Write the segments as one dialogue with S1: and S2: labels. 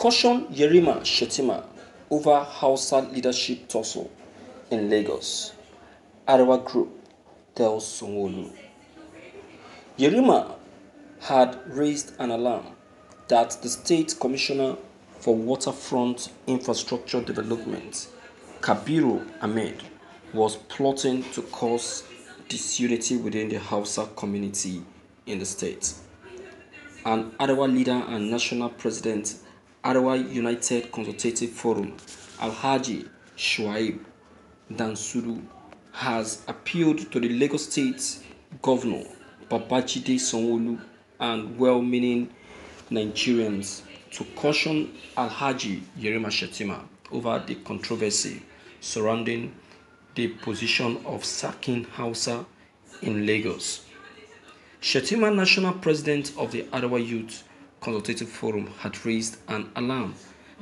S1: Caution Yerima Shetima over Hausa leadership tussle in Lagos. Arewa Group tells Sonwolu. Yerima had raised an alarm that the State Commissioner for Waterfront Infrastructure Development, Kabiru Ahmed, was plotting to cause disunity within the Hausa community in the state. An Arewa leader and national president Arewa United Consultative Forum, Alhaji Shuaib Dansudu, has appealed to the Lagos State Governor Babajide sanwo and well-meaning Nigerians to caution Alhaji Yerima Shettima over the controversy surrounding the position of sacking Hausa in Lagos. Shettima, national president of the Arewa Youth Consultative Forum had raised an alarm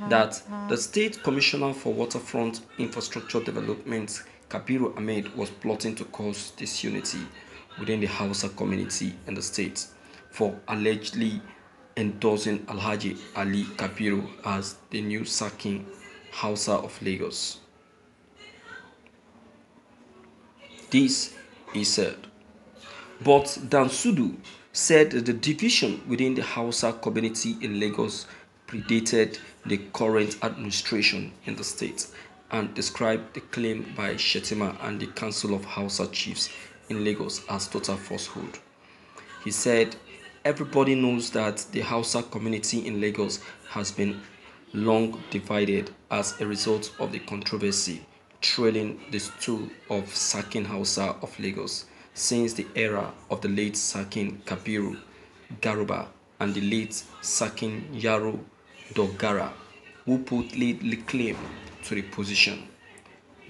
S1: that the State Commissioner for Waterfront Infrastructure Development, Kabiru Ahmed, was plotting to cause disunity within the Hausa community in the state for allegedly endorsing Alhaji Ali Kabiru as the new sacking Hausa of Lagos. This, he said. But Dansudu said the division within the Hausa community in Lagos predated the current administration in the state and described the claim by Shetima and the Council of Hausa Chiefs in Lagos as total falsehood. He said, Everybody knows that the Hausa community in Lagos has been long divided as a result of the controversy trailing the stool of sacking Hausa of Lagos since the era of the late Sakin Kabiru Garuba and the late Sakin Yaru Dogara, who put laid claim to the position.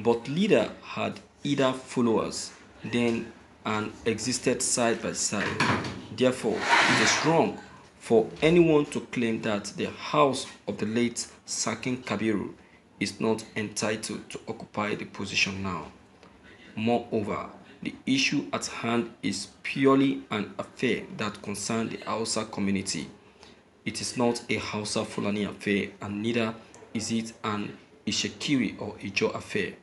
S1: But leader had either followers then and existed side by side. Therefore, it is wrong for anyone to claim that the house of the late Sakin Kabiru is not entitled to occupy the position now. Moreover, the issue at hand is purely an affair that concerns the Hausa community. It is not a Hausa Fulani affair and neither is it an Ishekiri or Ijo affair.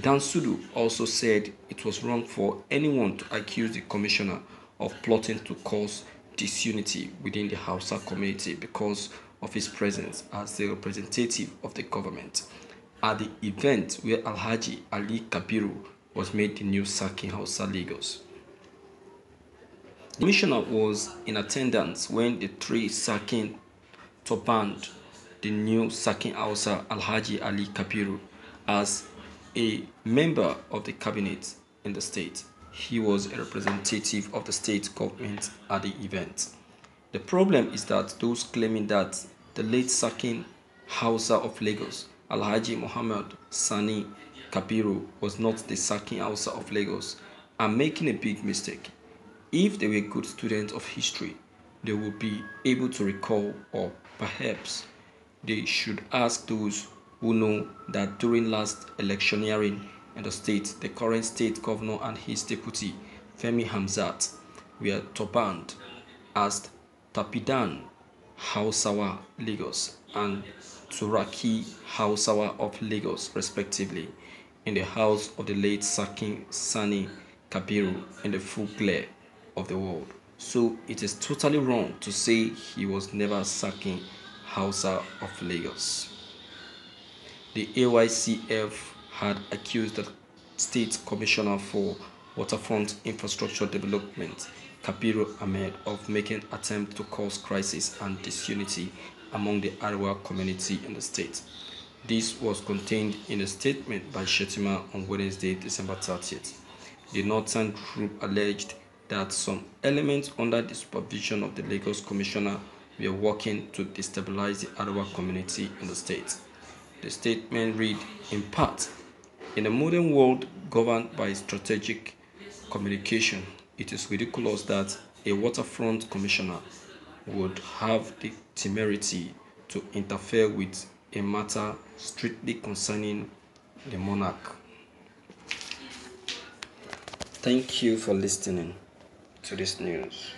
S1: Dan Sudu also said it was wrong for anyone to accuse the commissioner of plotting to cause disunity within the Hausa community because of his presence as the representative of the government. At the event where Alhaji Ali Kabiru was made the new Sakin Hausa Lagos. The commissioner was in attendance when the three Sakin banned, the new Sakin Hausa Alhaji Ali Kapiru as a member of the cabinet in the state. He was a representative of the state government at the event. The problem is that those claiming that the late Sakin Hausa of Lagos, Alhaji Muhammad Sani Kabiru was not the sacking outside of Lagos are making a big mistake. If they were good students of history, they would be able to recall, or perhaps they should ask those who know that during last electioneering in the state, the current state governor and his deputy, Femi Hamzat, were turbaned as Tapidan Hausawa Lagos and Turaki Hausawa of Lagos, respectively in the house of the late Sani Kabiru in the full glare of the world. So it is totally wrong to say he was never sacking Hausa of Lagos. The AYCF had accused the State Commissioner for Waterfront Infrastructure Development, Kabiru Ahmed, of making attempt to cause crisis and disunity among the Arwa community in the state. This was contained in a statement by Shetima on Wednesday, December 30th. The Northern Group alleged that some elements under the supervision of the Lagos Commissioner were working to destabilize the Arawa community in the state. The statement read, in part, in a modern world governed by strategic communication, it is ridiculous that a waterfront commissioner would have the temerity to interfere with a matter strictly concerning the monarch. Thank you for listening to this news.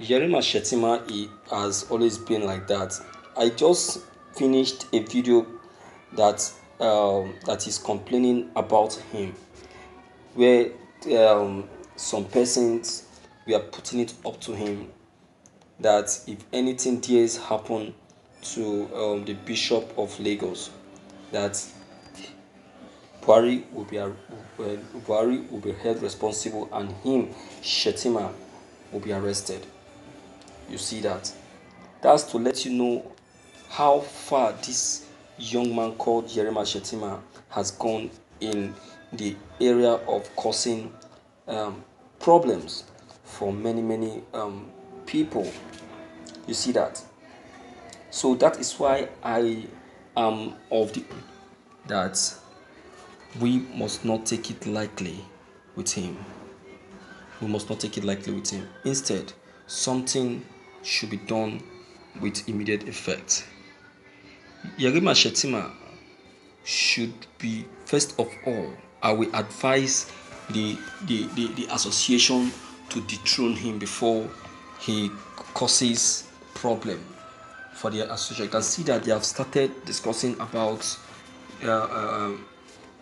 S1: Yerima Shetima has always been like that. I just finished a video that um, that is complaining about him, where um, some persons were putting it up to him that if anything dares happen to um, the Bishop of Lagos that Buhari will be, uh, Buhari will be held responsible and him, Shetima, will be arrested. You see that? That's to let you know how far this young man called Jeremiah Shetima has gone in the area of causing um, problems for many, many um, people. You see that? So that is why I am of the that we must not take it lightly with him. We must not take it lightly with him. Instead, something should be done with immediate effect. Yerima Shetima should be first of all, I will advise the, the, the, the association to dethrone him before he causes problem for their association. You can see that they have started discussing about uh, uh,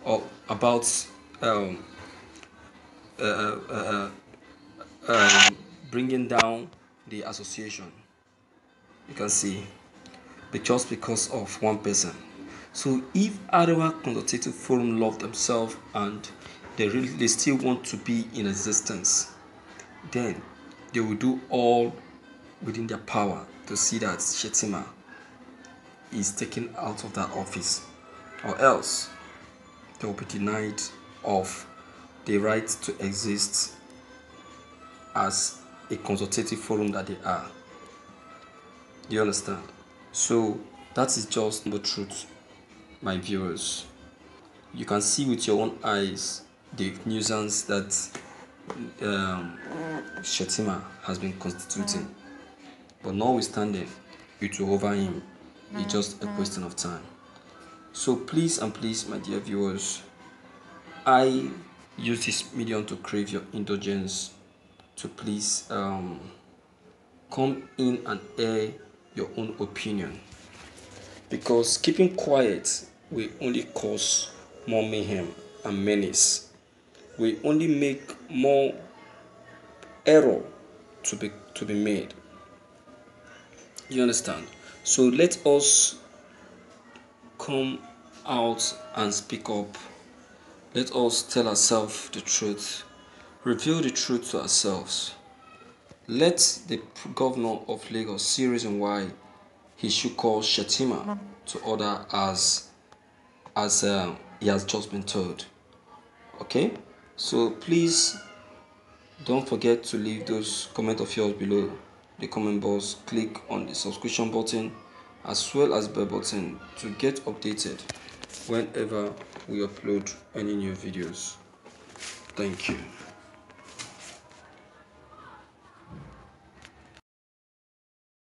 S1: or about um, uh, uh, uh um, bringing down the association. You can see, but just because of one person. So if Arewa Consultative Forum love themselves and they really they still want to be in existence, then they will do all within their power to see that Shetima is taken out of that office or else they will be denied of the right to exist as a consultative forum that they are. Do you understand? So that is just the truth, my viewers. You can see with your own eyes the nuisance that um, Shetima has been constituting. But notwithstanding, it will over him. It's mm, just a mm. question of time. So please and please, my dear viewers, I use this medium to crave your indulgence to please um, come in and air your own opinion because keeping quiet will only cause more mayhem and menace will only make more error to be to be made you understand so let us come out and speak up let us tell ourselves the truth reveal the truth to ourselves let the governor of lagos see reason why he should call shatima to order as as uh, he has just been told okay so please don't forget to leave those comment of yours below the comment box, click on the subscription button as well as bell button to get updated whenever we upload any new videos. Thank you.